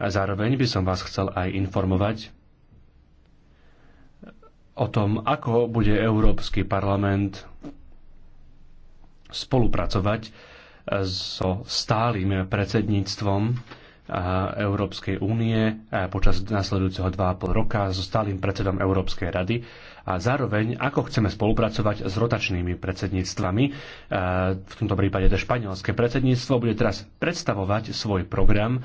Zároveň by som vás chcel aj informovať o tom, ako bude Európsky parlament spolupracovať so stálym predsedníctvom Európskej únie počas nasledujúceho 2,5 roka so stálym predsedom Európskej rady a zároveň ako chceme spolupracovať s rotačnými predsedníctvami. V tomto prípade to španielské predsedníctvo bude teraz predstavovať svoj program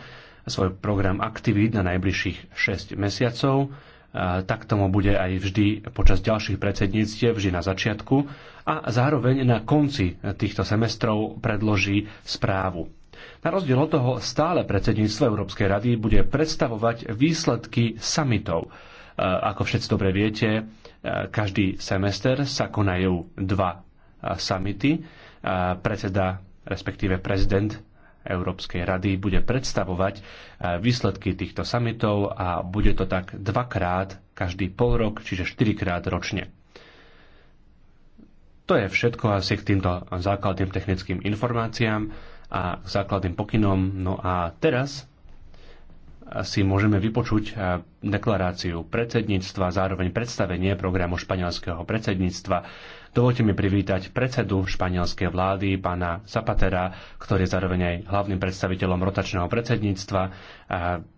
svoj program aktivít na najbližších 6 mesiacov. Tak tomu bude aj vždy počas ďalších predsedníctiev, vždy na začiatku a zároveň na konci týchto semestrov predloží správu. Na rozdiel od toho stále predsedníctvo Európskej rady bude predstavovať výsledky samitov. Ako všetci dobre viete, každý semester sa konajú dva samity. Predseda, respektíve prezident Európskej rady bude predstavovať eh, výsledky týchto samitov a bude to tak dvakrát každý pol rok, čiže štyrikrát ročne. To je všetko asi k týmto základným technickým informáciám a základným pokynom. No a teraz si môžeme vypočuť eh, deklaráciu predsedníctva, zároveň predstavenie programu španielského predsedníctva. Dovolte mi privítať predsedu španielskej vlády, pána Zapatera, ktorý je zároveň aj hlavným predstaviteľom rotačného predsedníctva. Eh,